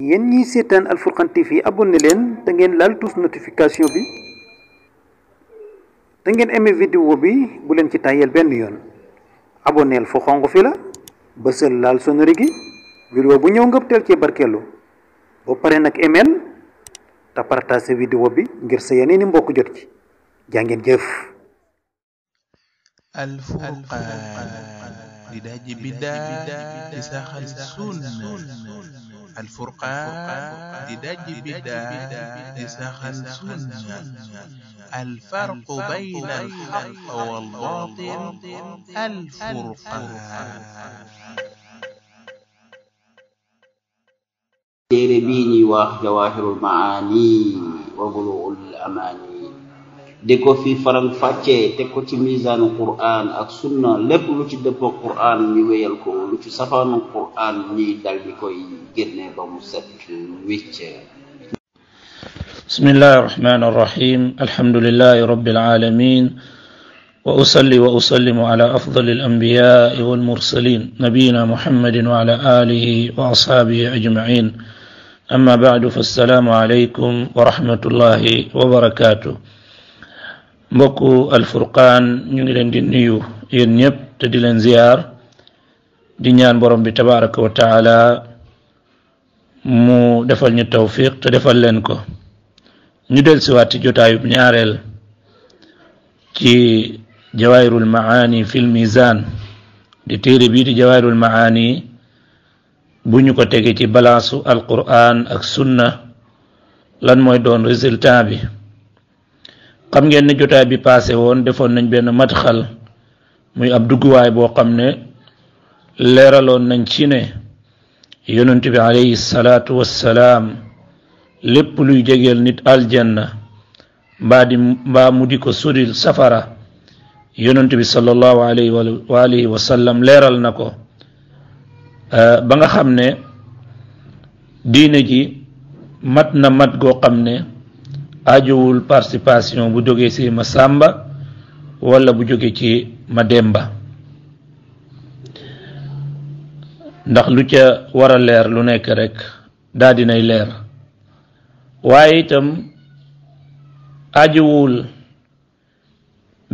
ñi sétane al furqan TV abonné len da ngeen lal tous notification bi da ngeen aimé vidéo bi bu len ci tayel ben yoon abonné fu xonq fi la bësal lal sonori gi vidéo bu ñew nga teel cee barkeelu ba pare nag email te partage vidéo bi ngir sa yeneeni mbokk jot ci jangeen jëf al furqan di daji bidda di saxal sunna الفرقان ديداج بدا ديساخ الفرق بين الحق والباطل الفرقان سيربيني واخ جواهر المعاني وبلوغ الاماني di fi faram fàccee teg ko ci misaanu Qur'an ak sunna lépp lu ci dëppoo Qur'an ñu wéyal ko lu ci safaanu Qur'an ñuy dal di koy génne ba mu set بسم الله الرحمن الرحيم الحمد لله رب العالمين وأصلي وأسلم على أفضل الأنبياء والمرسلين نبينا محمد وعلى آله وأصحابه أجمعين أما بعد فالسلام عليكم ورحمة الله وبركاته mbokku alfourqan ñu ngi leen di nuyu yéen ñëpp te di leen ziar di ñaan borom bi tabaraka wa taala mu defal ñu tawfiq te defal leen ko ñu del siwaat ci jotaayub ñaareel ci jawahirul maani fi l misan di téere bii di jawahirul maani bu ñu ko tege ci balance alquran ak sunna lan mooy doon résultat bi xam ngeen ne jotaay bi paase woon defoon nañ benn matxal muy ab dugguwaay boo xam ne leeraloon nañ ci ne yonent bi alayhi salaatu wassalaam lépp luy jegeel nit aljanna mba di mbaa mu di ko suril safara yonent bi sallallahu alayhi wa leeral na ko euh, ba nga xam ne diine ji mat na mat goo xam ne ajowul participation bu jógee ci ma sàmba walla bu jóge ci ma demba ndax lu ca war a leer lu nekk rekk daldi nay leer waaye itam ajowul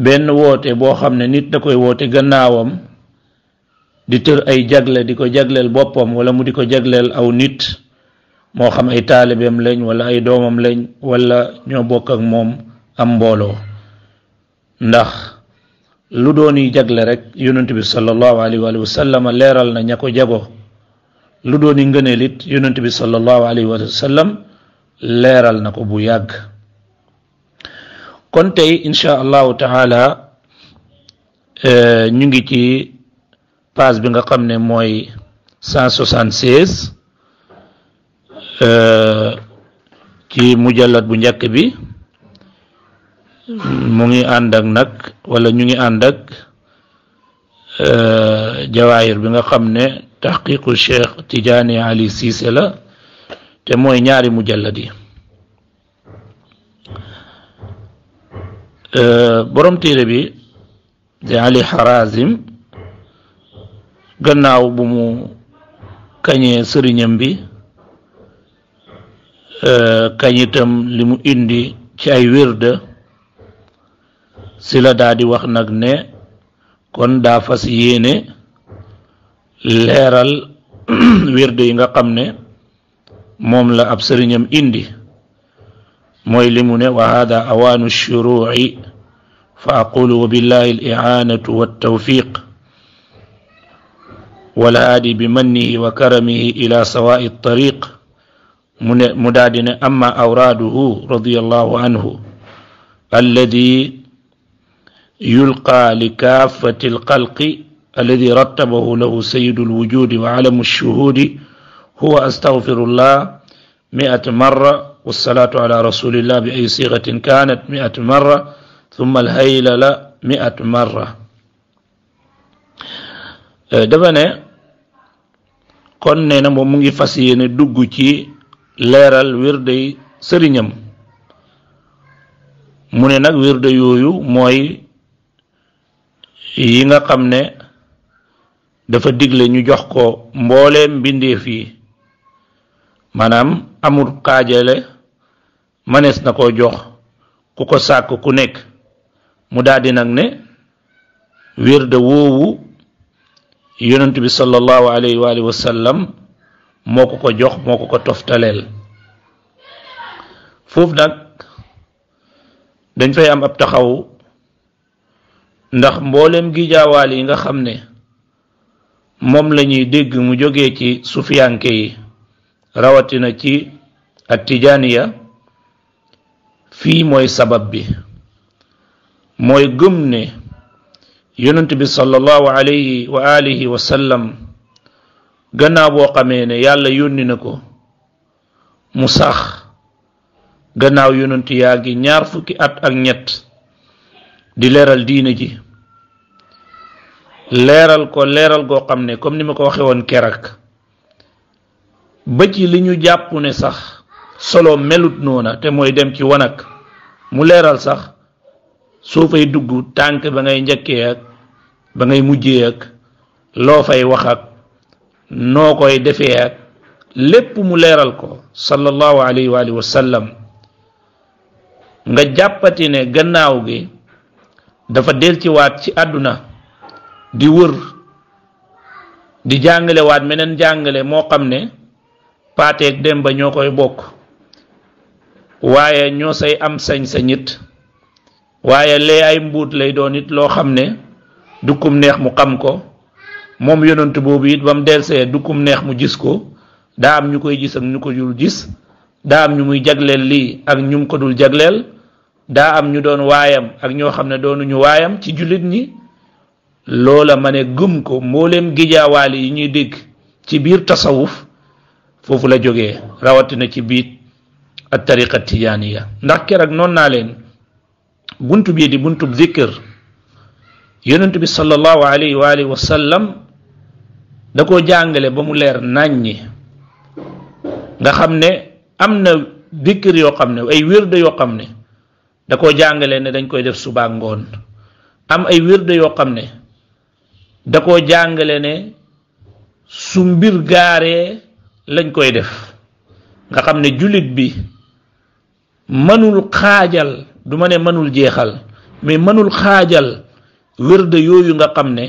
benn woote boo xam ne nit da koy woote gannaawam di tër ay jagle di ko jagleel boppam walla mu di ko jagleel aw nit moo xam ay taalibeem lañ wala ay doomam lañ wala ñoo bokk ak moom am mbooloo ndax lu doon yi jagle rek yonent bi sallallahu alayhi wa sallam leeral na ña ko lu doon yi ngëneel it yonent bi sallallahu alayhi wa sallam leeral na ko bu yàgg kon tey insha allahu taala e, ñu ngi ci page bi nga xam ne mooy 176 Euh, ci mujallat bu njëkk bi mu ngi ànd ak nag wala ñu ngi ànd ak euh, jawaayir bi nga xam ne taxqiqu Cheikh Tidiane Ali Cissé la te mooy ñaari mujallat yi euh, borom téere bi di Ali Harazim gannaaw bu mu kañee sëriñam bi kañ itam li mu indi ci ay wirde si la daa di wax nag ne kon daa fas yéene leeral wirde yi nga xam ne moom la ab sëriñam indi mooy li mu ne wa hada awaanu shuruuci fa aqulu wa billahi al iaanatu waltawfiq والهادي بمنه وكرمه إلى سواء الطريق مدادنا أما أوراده رضي الله عنه الذي يلقى لكافة القلق الذي رتبه له سيد الوجود وعلم الشهود هو أستغفر الله مئة مرة والصلاة على رسول الله بأي صيغة كانت مئة مرة ثم الهيللة مئة مرة أه، دبنا كنا نمو مغي فسيين دوغو leeral wirday sëriñam mu ne nag wirde yooyu mooy yi nga xam ne dafa digle ñu jox ko mbooleem mbindeef yi maanaam amul xaajale mënees na koo jox ku ko sàkk ku nekk mu daldi nag ne wirde woowu yonent bi sallallahu alayhi wa sallam moo ko ko jox moo ko ko toftaleel foofu nag dañ fay am ab taxaw ndax mboolem gi jaawaal yi nga xam ne moom lañuy dégg mu jóge ci sufiyanke yi rawatina ci attijaaniya fii mooy sabab bi mooy gëm ne yonent bi sallallahu alayhi alihi wa sallam gannaaw boo xamee ne yàlla yónni na ko mu sax gannaaw yonent yaa ngi ñaar fukki at ak ñett di leeral diine ji leeral ko leeral goo xam ne comme ni ma ko waxee woon kerak ba ci li ñu jàpp ne sax solo melut noona te mooy dem ci wanag mu leeral sax soo fay dugg tànk ba ngay njëkkee ak ba ngay mujjee ak loo fay wax ak noo koy defee ak lépp mu leeral ko sallallahu alayhi wa alihi nga jàppati ne gannaaw gi dafa delciwaat ci àdduna di wër di jàngalewaat meneen jàngale moo xam ne paateeg dem ba ñoo koy bokk waaye ñoo say am sañ-sañ it waaye lee ay mbuut lay doon it loo xam ne dukkum neex mu xam ko moom yonent boobu it ba mu delsee du kum neex mu gis ko daa am ñu koy gis ak ñu ko dul gis daa am ñu muy jagleel lii ak ñu mu ko dul jagleel daa am ñu doon waayam ak ñoo xam ne doonuñu waayam ci jullit ñi loola ma ne gëm ko mbooleem gijaawaali yi ñuy dégg ci biir tasawuf foofu la jógee rawatina ci biir at tariqa tijaaniya ndax keroog noonu naa leen bunt bii di buntub zikr yonent bi sallallahu alayhi wa alihi da koo jàngale ba mu leer nàññi nga xam ne am na dikkir yoo xam ne ay wirde yoo xam ne da koo jàngale ne dañ koy def suba ngoon am ay wirde yoo xam ne da koo jàngale ne su mbir gaaree lañ koy def nga xam ne jullit bi mënul xaajal du ma ne mënul jeexal mais mënul xaajal wirde yooyu nga xam ne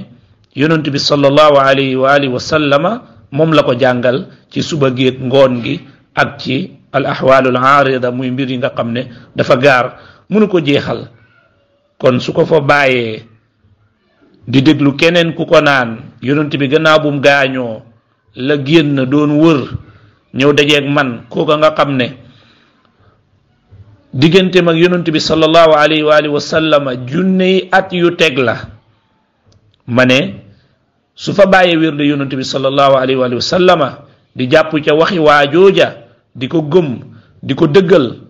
yonent bi sallallahu alayhi wa alihi wa moom la ko jàngal ci suba géeg ngoon gi ak ci al ahwaalul aarida muy mbir yi nga xam ne dafa gaar mënu ko jeexal kon su ko fa bàyyee di déglu keneen ku ko naan yonent bi gannaaw bum gaañoo la génn doon wër ñëw dajeeg man kooka nga xam ne diggante ak yonent bi sallallahu alayhi wa alihi wa sallama junne yi at yu teg la ma ne su fa bàyyee wér de yonent bi sallallahu alayhi wa sallama di jàpp ca waxi waajooja di ko gëm di ko dëggal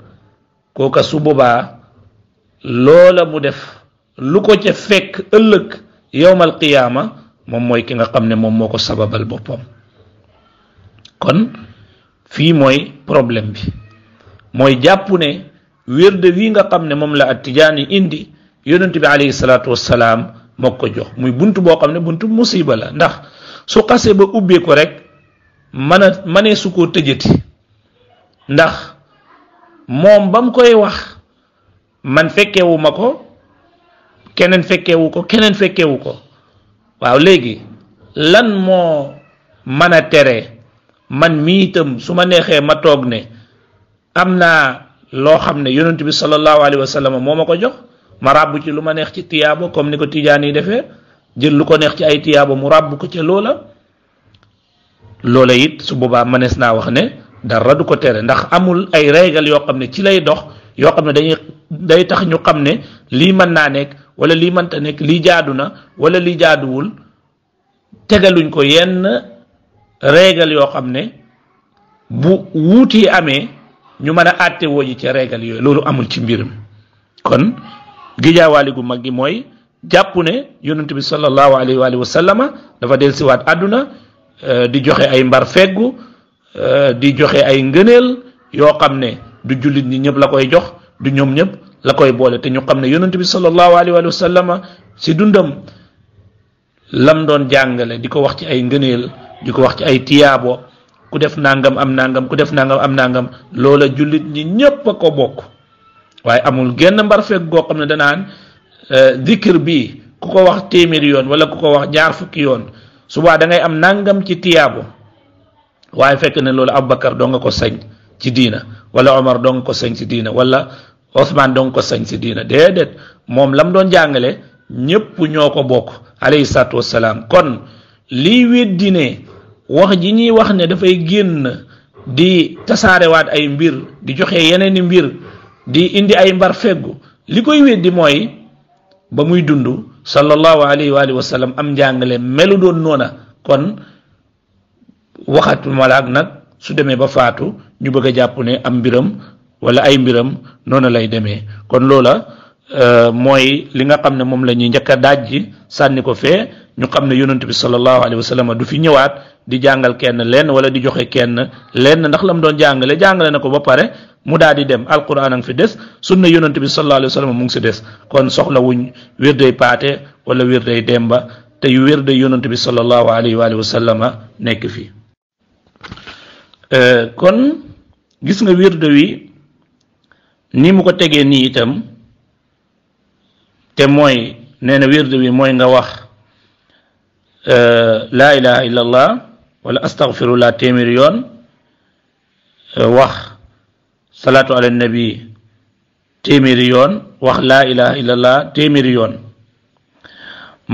kooka su boobaa loola mu def lu ko ca fekk ëllëg yowmal qiyaama moom mooy ki nga xam ne moom moo ko sababal boppam kon fii mooy problème bi mooy jàpp ne wérde wi nga xam ne moom la attijaani indi yonent bi alayhi salaatu wassalaam moo ko jox muy bunt boo xam ne bunt musiba la ndax su xasee ba ubbee rek mën a mënee su koo tëjati ndax moom ba mu koy wax man fekkewuma ko keneen fekkewu ko keneen fekkewu ko waaw léegi lan moo mën a tere man mii itam su ma neexee ma toog ne am naa loo xam ne yonent bi sallallahu alayhi wa sallam moo ma ko jox ma ràbbu ci lu ma neex ci tiyaabo comme ni ko tijaan yi defee jël lu ko neex ci ay tiyaabo mu ràbb ko ca loola loola it su boobaa mënees naa wax ne dara du ko tere ndax amul ay régal yoo xam ne ci lay dox yoo xam ne dañuy day tax ñu xam ne lii mën naa nekk wala lii mënta nekk lii jaadu na wala lii jaaduwul tegaluñ ko yenn régal yoo xam ne bu wuuti amee ñu mën a àtte woo ji ca régal yooyu loolu amul ci mbiram kon gijaawaali gu magi moy, mooy jàpp ne yonent bi sallallahu alayhi wa sallama dafa del siwaat aduna euh, di joxe ay mbar feggu euh, di joxe ay ngëneel yo kamne du jullit ni ñëpp la koy jox du ñoom la koy boole te ñu xam ne bi sallallahu alayhi wa sallama si dundam lam doon jangale di ko wax ci ay di ko wax ci ay ku def nangam am nangam ku def nangam am nangam lola julit ñi ñepp ko bokku waaye amul genn mbar fekk goo xam ne danaan zikir euh, bi ku ko wax téeméeri yoon wala ku ko wax ñaar fukki yoon subaa dangay am nangam ci tiyaabo waaye fekk ne loolu Aboubacar doo nga ko sañ ci diina wala Omar doo nga ko sañ ci diina wala Ousmane doo nga ko moom lam doon jàngale ñépp ñoo ko bokk alayhi salaatu wassalaam kon lii weddi wax ji ñuy wax ne dafay génn di tasaarewaat ay mbir di joxe yeneen i mbir di indi ay mbar feggu li koy weddi mooy ba muy dund sallallahu alayhi wa sallam am njàngale melu doon noona kon waxatu malaak nag su demee ba faatu ñu bëgg a jàpp ne am mbiram wala ay mbiram noona lay demee kon loola euh, mooy li nga xam ne moom lañuy ñuy njëkk daaj ji sànni ko fee ñu xam ne yonent bi sallallahu alayhi wa sallam du fi ñëwaat di jàngal kenn lenn wala di joxe kenn lenn ndax la doon jàngale jàngale na ko ba pare mu daal di dem alquran a ngi fi des sunna yonent bi sallallahu alayhi wa sallam mu ngi si des kon soxla wuñ wér day paate wala wér day demba te yu wér day yonent bi sallallahu alayhi wa sallam nekk fii euh, kon gis nga wér wi ni mu ko tegee nii itam te mooy nee na wér wi mooy nga wax. laa ilaha illa allah wala astaghfirullah téeméeri yoon euh, wax salaatu ala nabi téeméeri yoon wax laa ilaha illa allah téeméeri yoon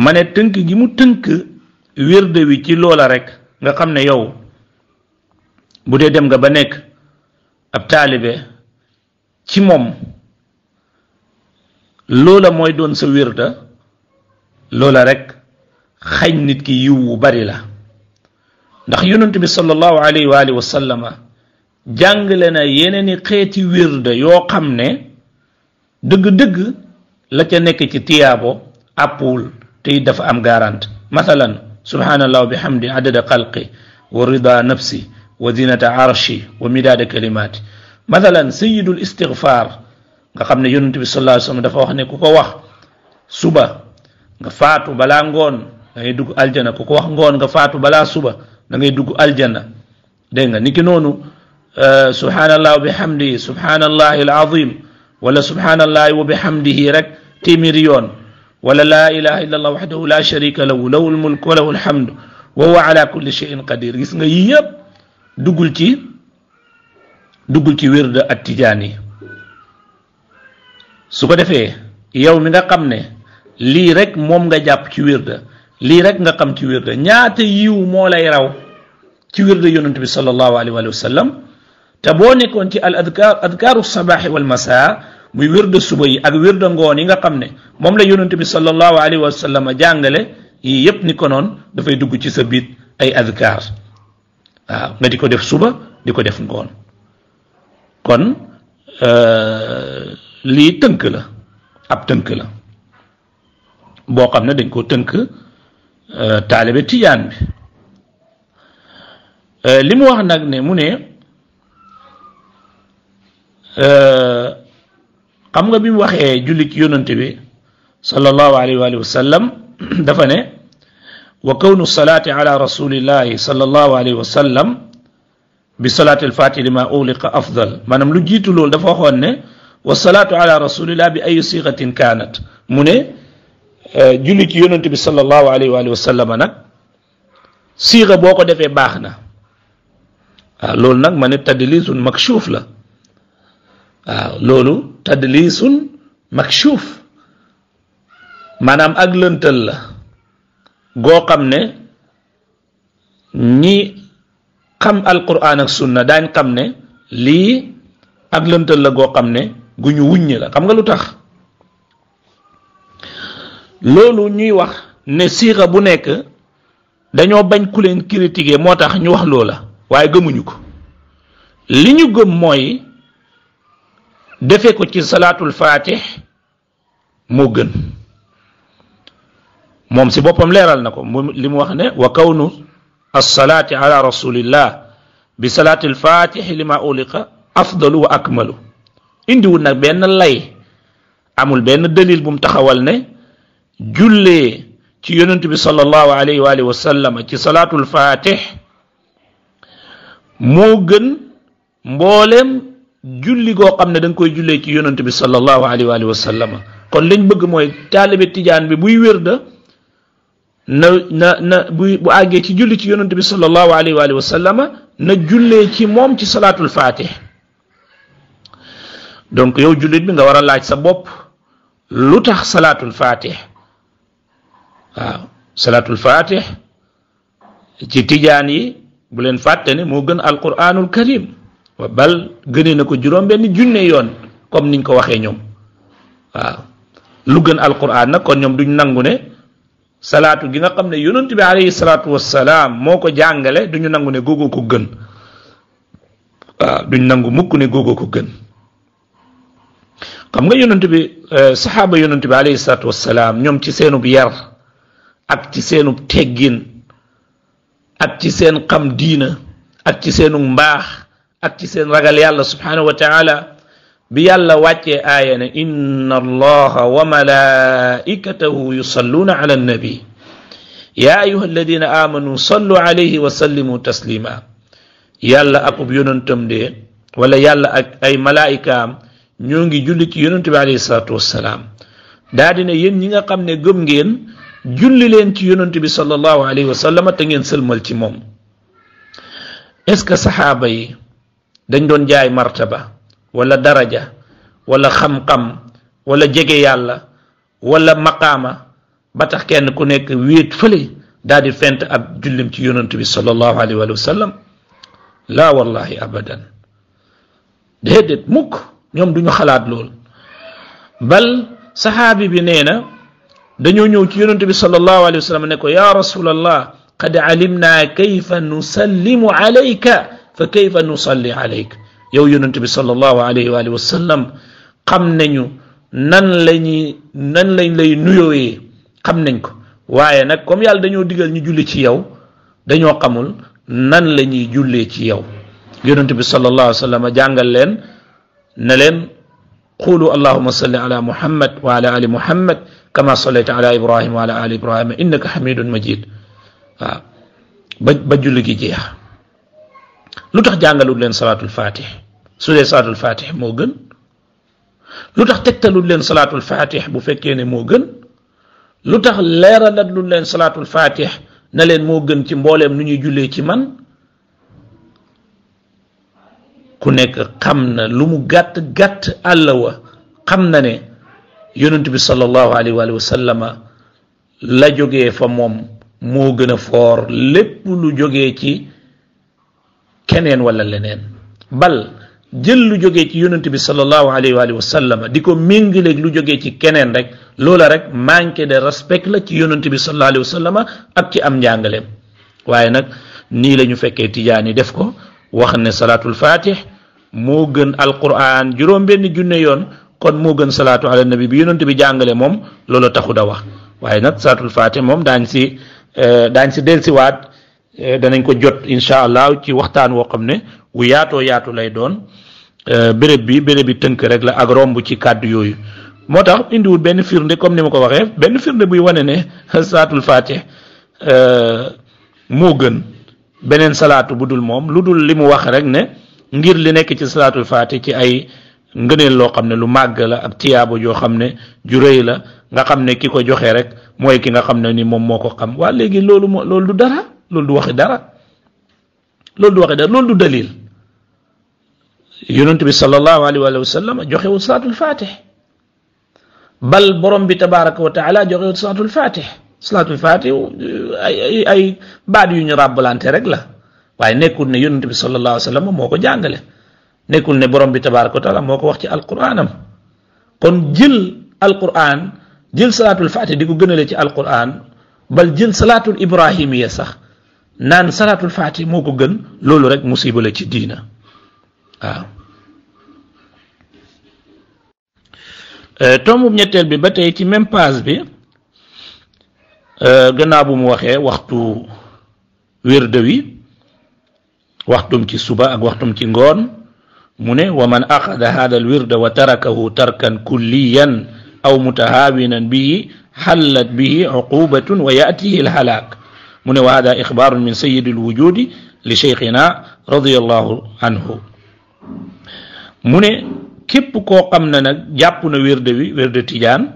ma ne tënk gi mu tënk wérde wi ci loola rek nga xam ne yow bu dee dem nga ba nekk ab taalibe ci moom loola mooy doon sa wérda loola rek xañ nit ki yiw wu bari la ndax yonent bi sallallahu alayhi wa alihi wa sallama jàngale na yeneeni xeeti wirda yoo xam ne dëgg-dëgg la ca nekk ci tiyaabo àppwul te dafa am garante mathalan subhanallah wa bihamdi adada xalqi wa rida nafsi wa zinata arshi wa midaada kalimaati mathalan sayidul istigfaar nga xam ne yonent bi sallallahu alayhi wa dafa wax ne ku ko wax suba nga faatu balaa da ngay dugg aljana ko ko wax ngoon nga faatu bala suba da ngay dugg aljana dégg nga niki noonu subhanallah wa bihamdihi subhanallah alazim wala subhanallah wa bihamdihi rek timir yoon wala la ilaha illallah wahdahu la sharika lahu lahu almulk wa lahu alhamdu wa huwa ala kulli shay'in qadir gis nga yii yëpp duggul ci duggul ci wérde at tijaani su ko defee yow mi nga xam ne lii rek moom nga jàpp ci wérde lii rek nga xam ci wirde ñaata yiw moo lay raw ci wirde yonent bi sallallahu alayhi wa sallam te boo nekkoon ci al adkaar adkaaru wal masaa muy wirde suba yi ak wirde ngoon yi nga xam ne moom la yonent tabi sallallahu alayhi wa sallam jàngale yii yëpp ni ko noon dafay dugg ci sa biit ay adkaar waaw nga di ko def suba di ko def ngoon kon euh, lii tënk la ab tënk la boo xam ne dañ koo tënk talibé taalibetiyan bi li mu wax nak ne mu ne xam nga bimu waxé waxee yonenté bi sallallahu alayhi wa sallam dafa ne wa kawnu salati ala rasulillah sallallahu alayhi wa sallam bi salati al alfaati ma uliqa afdal manam lu jitu lol dafa waxoon ne wa salatu ala rasulillah bi ay sighatin kanat mune euh Euh, julli ci yonent bi sallallahu alayhi wa sallam nag siixa boo ko defee baax na loolu nag ma ne tadlisun makshuf la waaw loolu tadlisun makshuf maanaam ak lëntal la goo xam ne ñi xam alquran ak sunna daañ xam ne lii ak lëntal la goo xam ne gu ñu wuññi la xam nga lu tax loolu ñuy wax ne siixa bu nekk dañoo bañ ku leen critiquer moo tax ñu wax loo la waaye gëmuñu ko li ñu gëm mooy defe ko ci salaatul faatih moo gën moom si boppam leeral na ko mu li mu wax ne wa kawnu alsalaati ala rasulillah bi salaatil faatixi lima uliqa afdalu wa akmalu indiwul nag benn lay amul benn dalil bu mu taxawal ne jullee ci yonent bi sallallahu alayhi wa alihi wa sallam ci salaatul fatih moo gën mbooleem julli goo xam ne da koy julle ci yonent bi sallallahu alayhi wa alihi wa sallam kon liñ bëgg mooy taalibe tijaan bi buy wér da na na bu àggee ci julli ci yonent bi sallallahu alayhi wa alihi wa sallam na jullee ci moom ci salaatul fatih donc yow jullit bi nga war a laaj sa bopp lu tax salaatul fatih salaatu salaatul ci tijaan yi bu leen fàtte moo gën alquranul karim wa bal gënee na ko juróom benn junne yoon comme niñ ko waxee ñoom waaw lu gën alquran nag kon ñoom duñ nangu ne salaatu gi nga xam ne yonent bi alayhi moo ko jàngale duñu nangu ne googu ko gën nangu mukk ne googu nga yonent bi eh, saxaaba yonent bi alayhi salaatu wassalaam ñoom ci seenub yar ak ci seenu teggin ak ci seen xam diina ak ci seenu mbaax ak ci seen ragal yàlla subhanahu wa taala bi yàlla wàccee aaya ne inna allaha wa malaikatahu yusalluuna ala annabi yaa ayuha alladina amanu sallu alayhi wa sallimu taslima yàlla akub yonantam de wala yàlla ak ay malaayikaam ñoo ngi julli ci yonantu bi alayhi salaatu wassalaam daa dina yéen ñi nga xam ne gëm ngeen julli leen ci yonent bi sallallahu alayhi wa sallam te ngeen sëlmal ci moom est-ce que saxaaba yi dañ doon jaay martaba walla daraja wala xam-xam walla jege yàlla wala maqaama ba tax kenn ku nekk wéet fële daal di fent ab jullim ci yonent bi sallallahu alayhi wa sallam laa wallahi abadan déedéet mukk ñoom duñu xalaat lool bal saxaabi bi nee na dañoo ñëw ci yonente bi sallallahu alayhi wa sallam ne ko ya rasul allah qad alimna kayfa nusallimu alayka fa kayfa nusalli alayka yow yonente bi sallallahu alayhi wa alihi wasallam xam nañu nan lañ nan lañ lay nuyooyee xam nañ ko waaye nag comme yàlla dañoo digal ñu julli ci yow dañoo xamul nan la ñuy jullee ci yow yonent bi sallallahu alayhi wasallam jàngal leen ne leen قولوا اللهم صل على محمد وعلى ال محمد kama sallayta ala ibrahima wa ala ali ibrahima innaka hamidun majid waaw ba julli gi jeex lu tax jàngalul leen salaatul fatih su dee salaatul fatih moo gën lu tax tegtalul leen salaatul fatih bu fekkee ne moo gën lu tax leeralalul leen salaatul fatih na leen moo gën ci mbooleem nu ñuy jullee ci man ku nekk xam na lu mu gàtt gàtt àll wa xam na ne yonent bi sallallahu alayhi wa sallama la jóge fa moom moo gën a foor lépp lu jógee ci keneen wala leneen bal jël lu jóge ci yonent bi sallallahu alayhi wa sallama di ko méngaleeg lu jóge ci keneen rek loola rek manque de respect la ci yonent bi sallallahu alayhi wa sallama ak ci am njàngaleem waaye nag nii la ñu fekkee tijaan yi def ko wax ne salaatul fatih moo gën alquran juróom benn junne yoon kon moo gën salaatu ala nabi bi yonent bi jàngale moom loolu taxu da wax waaye nag salaatul faate moom daañ si eh, daañ si dellusiwaat eh, danañ ko jot incha allah ci waxtaan woo xam ne wu yaatoo yaatu lay doon eh, bërëb bi béréb bi tënk rek la ak romb ci kàddu yooyu moo tax indiwul benn firnde comme ni ma ko waxee benn firnde buy wane ne salaatul faate moo gën beneen salaatu bu dul moom lu dul li mu wax rek ne ngir li nekk ci salaatul faate ci ay ngëneel loo xam ne lu màgg la ak tiyaabo joo xam ne ju rëy la nga xam ne ki ko joxe rek mooy ki nga xam ne ni moom moo ko xam waa léegi loolu moo loolu du dara loolu du waxi dara loolu du waxi dara loolu du dalil yonent bi sallallahu alayhi wa sallam joxewul salaatul fatih bal borom bi tabaraka wa joxe joxewul salaatul fatih salaatul fatih ay ay baat yu ñu ràbbalante rek la waaye nekkul ne yonent bi sallallahu alayhi wa sallam moo ko jàngale nekkul ne borom bi tabaaraka wa taala moo ko wax ci alquraanam kon jël alquraan jël salaatul faati di ko gënale ci alquraan bal jël salaatul ibrahimiya sax naan salaatul faati moo ko gën loolu rek musiba la ci diina waaw tombub ñetteel bi ba tey ci même paase bi euh, gannaaw bu mu waxee waxtu wérde wi waxtum ci suba ak waxtum ci ngoon mu ne wa man axada hada al wirda wa tarakahu tarkan kulliyan aw mutahaawinan bihi xallat bihi uqubatun wa yaatihi al halaak mu ne wa hada ixbaarun min sayidi al wujudi li cheikhina radiallahu anhu mu ne képp koo xam ne nag jàpp na wérde wi wérde tijaan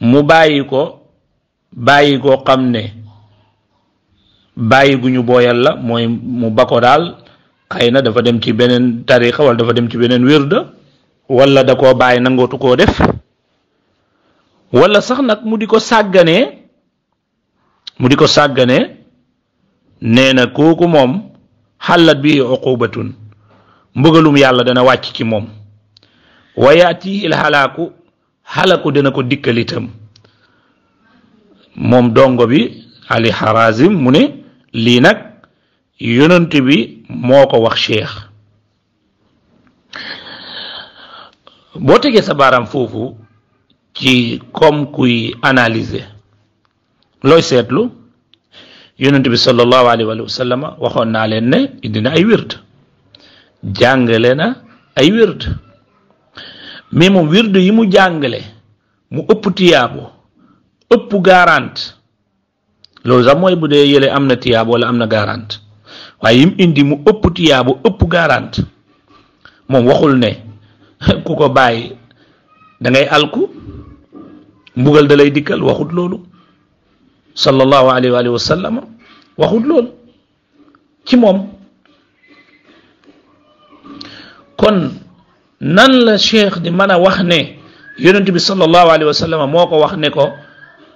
mu bàyyi ko bàyyi koo xam ne bàyyi gu ñu booyal la mooy mu bako daal xëy na dafa dem ci beneen tariqa wala dafa dem ci beneen wirda wala da koo bàyyi nangootu koo def wala sax nag mu di ko sàggane mu di ko sàggane nee na kooku moom xallat bi uqubatun mbëgalum yàlla dana wàcc ci moom wayaat yaati il xalaaku xalaku dana ko dikkalitam moom dongo bi ali xarazim mu ne lii nag yonent bi moo ko wax cheikh boo tegee sa baaraam foofu ci comme kuy analyser looy seetlu yonent bi sallallahu alayhi wa waxoon naa leen ne indi na ay wird jàngle na ay wirt mais moom wird yi mu jàngale mu ëpp tiyaabo ëpp garante loolu sax mooy bu dee yële am na tiyaabo wala am na garante waaye yim indi mu ëpp tiyaabu ëpp garante moom waxul ne ku ko bàyyi dangay alku mbugal da lay dikkal waxut loolu sallallahu alayhi wa sallam waxut loolu ci moom kon nan la cheikh di mën a wax ne yonent bi sallallahu alayhi wa sallam moo ko wax ne ko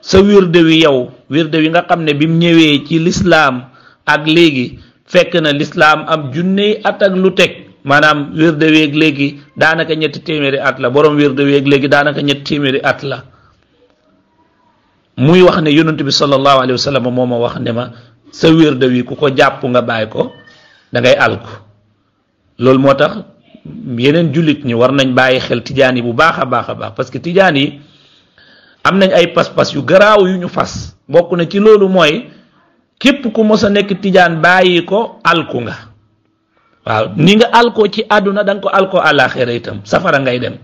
sa wirde wi yow wirde wi nga xam ne bi mu ñëwee ci lislaam ak léegi fekk na lislaam am junney at ak lu teg maanaam wér de léegi daanaka ñetti téeméeri at la borom wér de léegi daanaka ñetti téeméeri at la muy wax ne yonent bi sallallahu alayhi wa sallam moo ma wax ne ma sa wér de wi ku ko jàpp nga bàyyi ko da ngay alku loolu moo tax yeneen jullit ñi war nañ bàyyi xel tijaan yi bu baax a baax a baax parce que tijaan yi am nañ ay pas-pas yu garaaw yu ñu fas bokk na ci loolu mooy képp ku mos a nekk tiijaan bàyyi ko alku nga waaw ni nga alkoo ci àdduna da nga ko alkoo àllaaxira itam safara ngay dem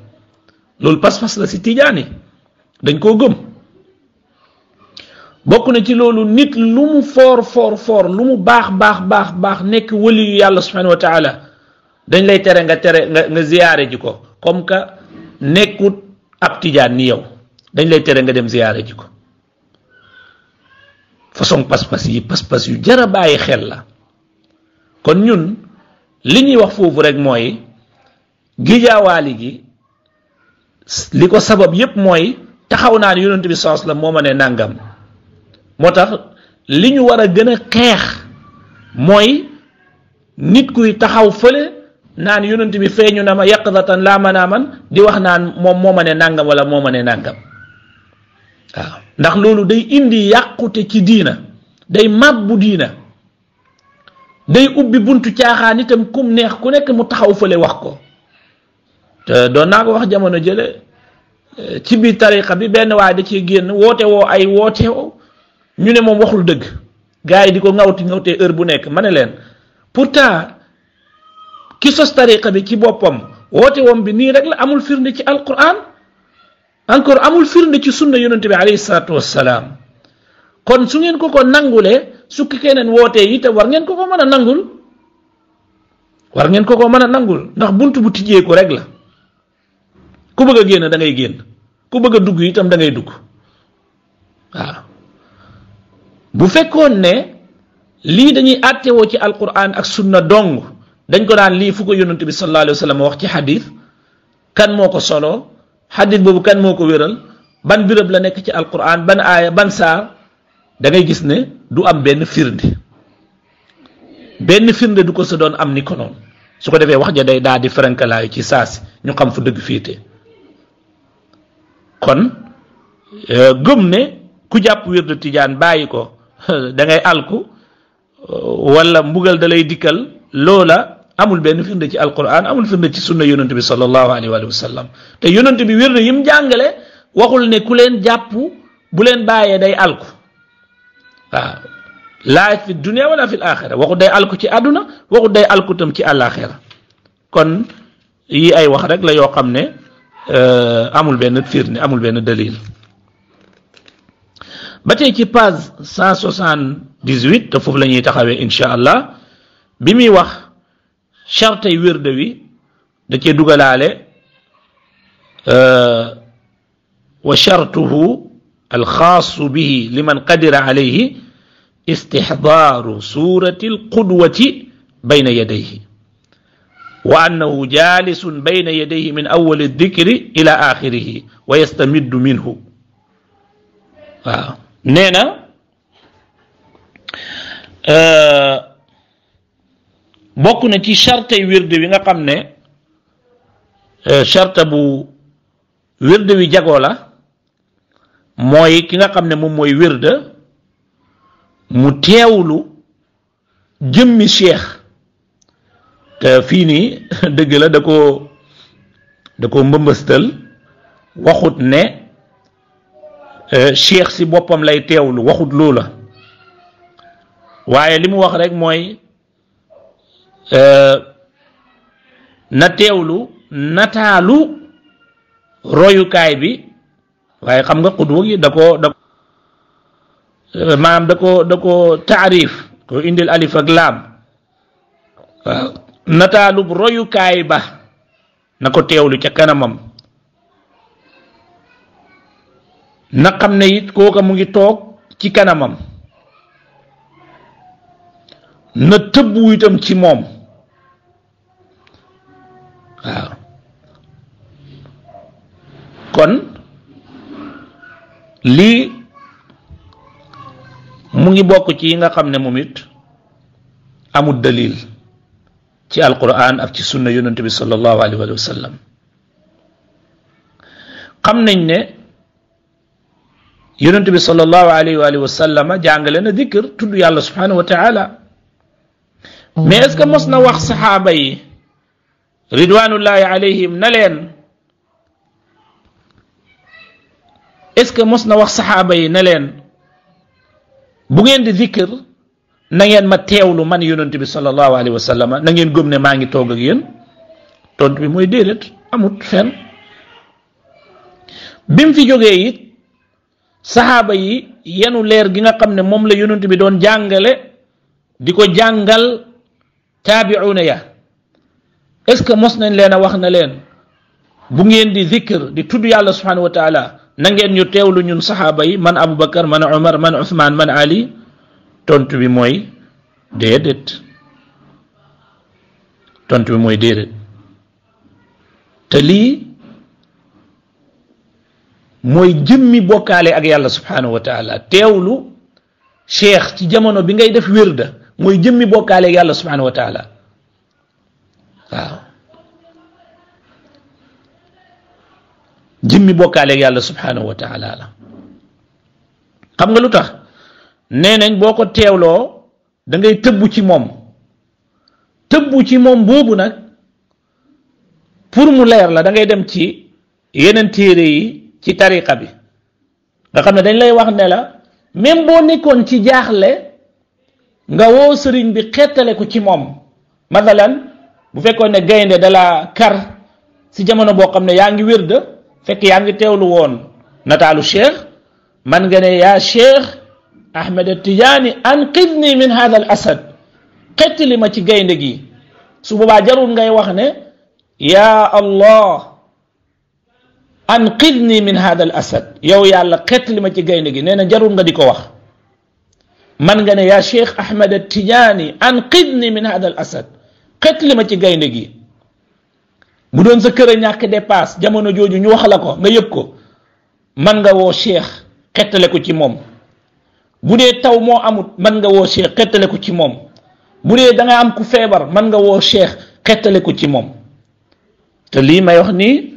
loolu pas-pas la si tijaan yi dañ koo gëm bokk na ci loolu nit lu mu foor foor foor lu mu baax baax baax baax nekk wëli yu yàlla subhanahu wa taala dañ lay tere nga tere nga nga ziyaare ji ko comme que nekkut ab tijaan ni yow dañ lay tere nga dem ziyaare ji ko façon pas-pas yi pas-pas yu jar a bàyyi xel la kon ñun li ñuy wax foofu rek mooy gijaawaali gi li ko sabab yépp mooy taxaw naa ne yonent bi sens la moo ma ne nàngam moo tax li ñu war a gën a xeex mooy nit kuy taxaw fële naan yonent bi feeñu na ma yaqdatan laa a man di wax naan moom moo ma ne nàngam wala moo ma ne nàngam waaw ndax loolu day indi yàqute ci diina day màbbu diina day ubbi buntu caaxaan itam kum neex ku nekk mu taxaw fële wax ko doon naa ko wax jamono jële eh, ci biir tariqa bi benn waaye da ciy génn woote woo ay woote woo ñu ne moom waxul dëgg gaa yi di ko ngawti ngawtee heure bu nekk ma ne leen pourtant ki sos tariqa bi ci boppam woote woom bi nii rek la amul firnde ci alquran encore amul firnde ci sunna yonent bi alayhi salaatu wassalaam kon su ngeen ko ko nangulee sukki keneen wootee yi te war ngeen ko ko mën a nangul war ngeen ko ko mën a nangul ndax bunt bu tijjeeku rek la ku bëgg a génn da ngay génn ku bëgg a dugg itam da ngay dugg waaw bu fekkoon ne lii dañuy àttewoo ci alquran ak sunna dong dañ ko daan lii fu ko yonent bi sallallahu alayhi wa sallam wax ci xadis kan moo ko solo xaddis boobu kan moo ko wéral ban birab la nekk ci alquran ban aaya ban saar dangay gis ne du am benn firnde benn firnde du ko sa doon am ni ko su ko defee wax ja day daal di farankalaayu ci saasi ñu xam fu dëgg fiite kon euh, gëm ku jàpp wirdu tijaan bàyyi ko da alku euh, wala mbugal dalay lay dikkal loola amul ben firnde ci alquran amul firnde ci sunna yonent bi sallallahu alaihi wa sallam te yonent bi wirna yim jàngale waxul ne ku len jàpp bu len baye day alku wa la fi dunya wala fi alakhirah waxu day alku ci aduna waxu day alku tam ci alakhirah kon yi ay wax rek la yo xamne ne amul ben firnde amul ben dalil ba tey ci page 178 te foofu lañuy taxawé inshallah bimi wax شرطي wirde wi da ci وشرطه الخاص به لمن قدر عليه استحضار سورة القدوة بين يديه وأنه جالس بين يديه من أول الذكر إلى آخره ويستمد منه آه. نينا آه. bokk na ci charte wird wi nga xam ne euh, charte bu wird wi jagoo la mooy ki nga xam ne moom mooy wird mu teewlu jëmmi cheikh te fii nii dëgg la da koo da ko mbëmbëstal waxut ne euh, cheikh si boppam lay teewlu waxut loola waaye li mu wax rek mooy Euh, na teewlu nataalu royukaay bi waaye xam nga xudwa gi da ko da euh, maanaam da ko da ko taarif ko indil alif ak laam nataalu nataalub royukaay ba na ko teewlu ca kanamam na xam ne it kooka mu ngi toog ci kanamam na tëbbu itam ci moom waaw kon lii mu ngi bokk ci yi nga xam ne moom it amul dalil ci alquran ak ci sunna yonente bi sallallahu alayhi wa sallam xam nañ ne yonente bi sallallahu alayhi wa sallam jàngale na dikr tudd yàlla subhanahu wa taala wax saxaaba ridwanullahi alayhim na leen est-ce que mos na wax saxaaba yi na leen bu ngeen di zikr na ngeen ma teewlu man yonent bi sallallahu alayhi wa sallam na ngeen gëm ne maa ngi toog ak yéen tontu bi mooy déedéet amut fenn bi fi jógee it saxaaba yi yenu leer gi nga xam ne moom la yonent bi doon jàngale di ko jàngal na ya est-ce que mos nañ leen a wax na leen bu ngeen di zikr di tudd yàlla subhanahu wa taala na ngeen ñu teewlu ñun saxaaba yi man Aboubacar man Omar man Ousmane man Ali tontu bi mooy déedéet tontu bi mooy déedéet te lii mooy jëmmi bokkaale ak yàlla subhanahu wa taala teewlu cheikh ci jamono bi ngay def wirda mooy jëmmi bokkaale ak yàlla subhanahu wa waaw jëmmi bokkaaleeg yàlla subhanahu wa taala la xam nga lu tax nee nañ boo ko teewloo da ngay tëbb ci moom tëbbu ci moom boobu nag pour mu leer la da ngay dem ci yeneen téere yi ci tariqa bi nga xam ne dañ lay wax ne la même boo nekkoon ci jaaxle nga woo sëriñ bi xettale ko ci moom mathalan bu fekkoon ne gaynde dala kar si jamono boo xam ne yaa ngi wér fekk yaa ngi teewlu woon nataalu cheikh man nga ne yaa cheikh ahmed tijaani anqidni min hada asad xettali ma ci gaynde gi su boobaa jarul ngay wax ne yaa allah anqidni min hada al yow yàlla xettali ma ci gaynde gi nee na jarul nga di ko wax man nga ne yaa cheikh ahmed tijaani anqidni min hada asad xet li ma ci gaynde gi bu doon sa kër a ñàkk dépasse jamono jooju ñu wax la ko nga yëg ko man nga woo cheikh xettale ko ci moom bu dee taw moo amut man nga woo cheikh xettale ko ci moom bu dee da nga am ku feebar man nga woo cheikh xettale ko ci moom te lii may wax nii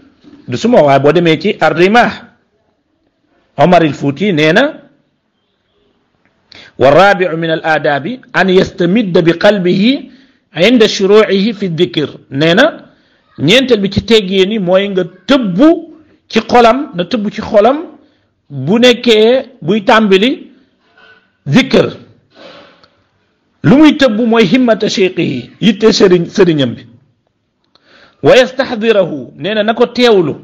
du suma waaye boo demee ci arrimah omar il fuuti nee na wa rabiu min al aadabi an yastamidda bi qalbihi inda shuruuihi fi dikir nee na ñeenteel bi ci teggee ni mooy nga tëbbu ci xolam na tëbbu ci xolam bu nekkee buy tàmbali zikr lu muy tëbbu mooy himmata cheikhihi yitte sëriñ sëriñam bi wa yastaxdirahu nee na na ko teewlu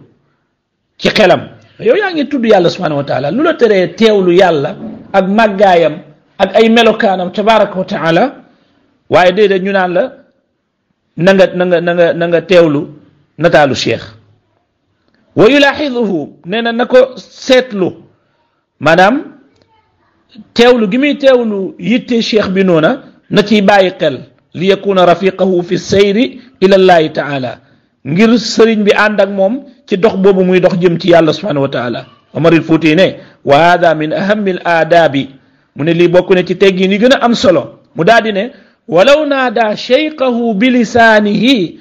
ci xelam yow yaa ngi tudd yàlla subhanahu wa taala lu la teree teewlu yàlla ak màggaayam ak ay melokaanam tabaraka wa taala waaye déedéet ñu naan la na nga na nga na nga na nataalu cheikh wa yulaaxiduhu na na ko seetlu maanaam teewlu gi muy teewlu yitte cheikh bi noona na ciy bàyyi xel li yakuna rafiqahu fi seyri ila llahi taala ngir sëriñ bi ànd moom ci dox boobu muy dox jëm ci yàlla subhanahu wa taala Omaril Fuuti ne wa hada min ahami al mu ne li bokk ne ci teggi ni gën a am solo mu daal ne walaw naadaa cheyqahu bi lisaanihi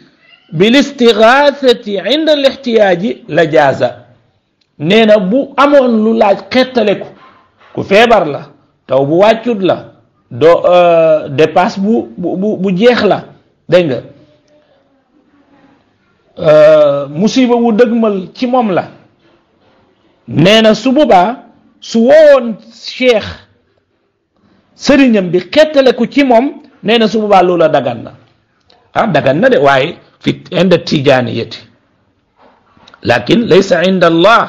bil istigaasati inda al ixtiyaaji la jaaza nee na bu amoon lu laaj xettaleku ku feebar la taw bu wàccut la doo euh, dépasse bu bu bu jeex la dégg nga euh, musiba wu dëgmal ci moom la nee na su boobaa su woowoon cheikh sëriñam bi xettaleku ci moom nee na su boobaa loola dagan na ah dagan na de waaye fi inda tijaaniyati lakin laysa inda allah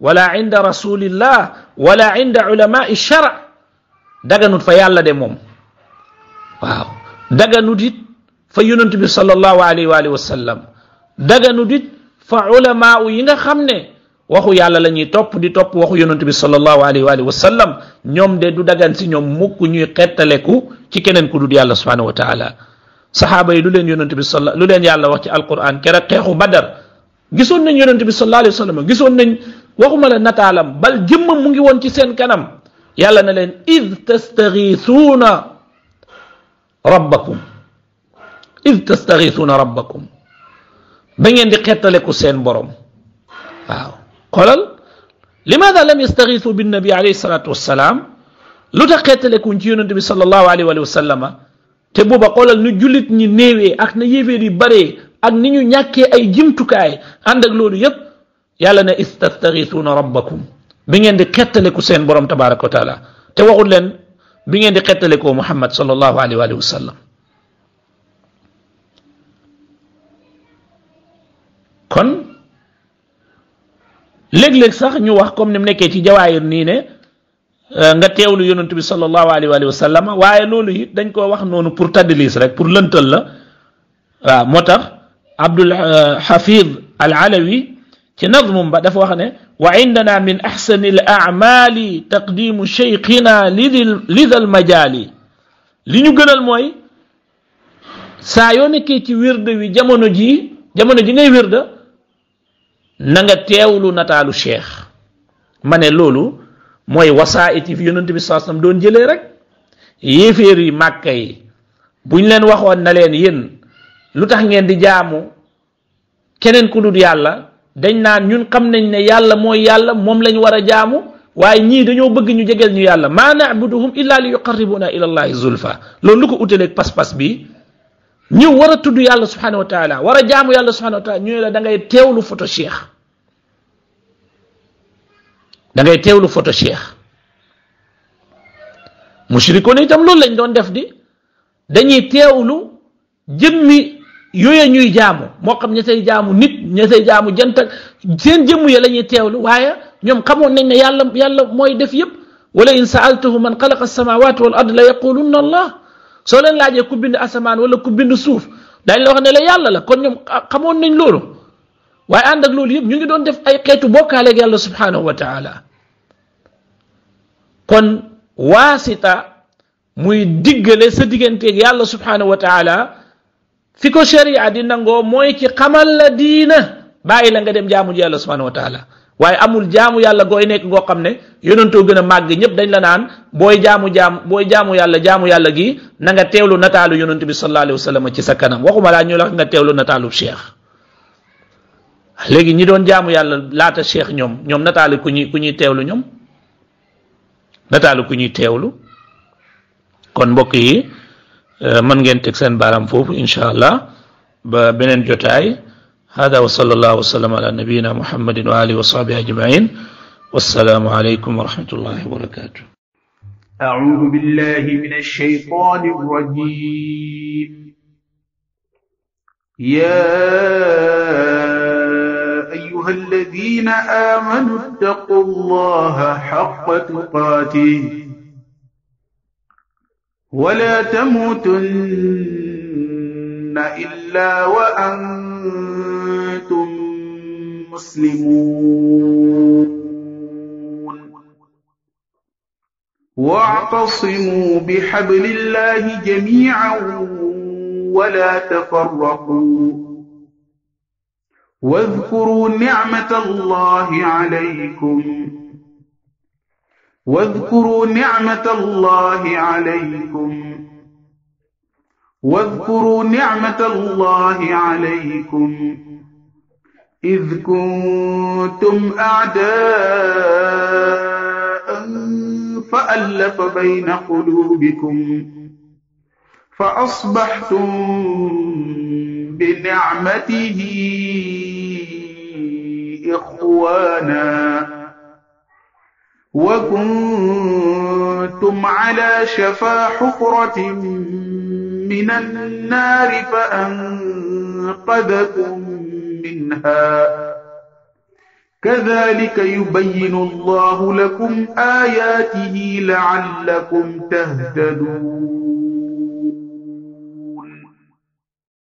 wala inda rasulillah wala inda ulamai shara daganut fa yàlla de moom waaw daganut it fa yonent bi sallallahu alayhi wa alihi wa sallam daganut it fa ulamau yi nga xam ne waxu yàlla la ñuy topp di topp waxu yonent bi sallallahu alayhi wa alihi ñoom de du dagan si ñoom mukk ñuy xettaleku ci keneen ku dul yàlla subhanahu wa taala saxaaba yi lu leen yonente bi sala lu leen yàlla wax ci alquran kera xeexu badar gisoon nañ yonente bi sallallahu alayhi wasallam sallam gisoon nañ waxuma la nataalam bal jëmmam mu ngi woon ci seen kanam yàlla na leen id tastagiisuuna rabbakum id tastagiisuuna rabbakum ba ngeen di xettaleku seen borom waaw xolal limaada lam yastagiisu binnabi alayhi salaatu wassalaam lu tax xettalekuñ ci yonent bi sallallahu alayhi wa sallama te booba xoolal nu julit ñi néewee ak na yéeféer yi baree ak ni ñu ñàkkee ay jimtukaay ànd ak loolu yépp yàlla ne istastaghithuna rabbakum bi ngeen di xettaleku seen borom tabaraka wa te waxul leen bi ngeen di xettalekoo muhammad sallallahu alayhi wa sallam kon léeg-léeg sax ñu wax comme ni mu nekkee ci jawaayir nii ne Euh, nga teewlu yonent bi sallallahu alayhi wa sallam waaye loolu it dañ koo wax noonu pour tadlis rek pour lëntal la waaw moo tax Abdul euh, Hafiz al Alawi ci nazmum ba dafa wax ne wa indana min axsani al aamali taqdimu cheyqina lidil lidal majaali li ñu gënal mooy saa yoo nekkee ci wirde wi jamono ji jamono ji ngay wirde na nga teewlu nataalu cheikh ma ne loolu mooy wasaait yi fi yonent bi saasam doon jëlee rek yéeféer yi màkka yi buñ leen waxoon na leen yéen lu tax ngeen di jaamu keneen ku dul yàlla dañ naan ñun xam nañ ne yàlla mooy yàlla moom lañ war a jaamu waaye ñii dañoo bëgg ñu jegeel ñu yàlla maa naabuduhum illa li yuqarribuna ila allahi zulfa loolu lu ko utaleeg pas-pas bi ñu war a tudd yàlla subhanahu wa taala war a jaamu yàlla subhanahu wa taala ñu ne la da ngay teewlu photo cheikh da ngay teewlu photo cheikh mushrikoon itam loolu lañ doon def di dañuy teewlu jëmmi yooya ñuy jaamu moo xam ña say jaamu nit ña say jaamu janta ak seen jëmm ya la ñuy teewlu waaye ñoom xamoon nañ ne yàlla yàlla mooy def yëpp wala in saaltuhu man xalaqa alsamawati wal ard la yaqulunna allah soo leen laajee ku bind asamaan wala ku bind suuf dañ la wax ne la yàlla la kon ñoom xamoon nañ loolu waaye ànd ak loolu yëpp ñu ngi doon def ay xeetu bokkaaleeg yàlla subhanahu wa taala kon waasita muy diggale sa digganteeg yàlla subhanahu wa taala fi ko sharia di nangoo mooy ci xamal la diina bàyyi la nga dem jaamu yàlla subhanahu wa taala waaye amul jaamu yàlla gooy nekk ngoo xam ne yonentoo gën a màgg ñëpp dañ la naan booy jaamu jaam booy jaamu yàlla jaamu yàlla gi na nga teewlu nataalu yonent bi sallallahu alayhi wa sallam ci sa kanam waxuma laa ñu la nga teewlu nataalu cheikh léegi ñi doon jaamu yàlla laata cheikh ñoom ñoom nataali ku ñuy ku ñuy teewlu ñoom nataali ku ñuy teewlu kon mbokk yi mën ngeen teg seen baaraam foofu incha allah ba beneen jotaay hada wa sallallahu wa sallam ala nabiyina muhammadin wa alihi wa sahbihi ajmain والسلام عليكم ورحمة الله وبركاته أعوذ بالله من الشيطان الرجيم يا أيها الذين آمنوا اتقوا الله حق تقاته ولا تموتن إلا وأنتم مسلمون واعتصموا بحبل الله جميعا ولا تفرقوا واذكروا نعمة الله عليكم واذكروا نعمة الله عليكم واذكروا نعمة الله عليكم إذ كنتم أعداء فألف بين قلوبكم فأصبحتم بنعمته إخوانا وكنتم على شفا حفرة من النار فأنقذكم منها كذلك يبين الله لكم آياته لعلكم تهتدون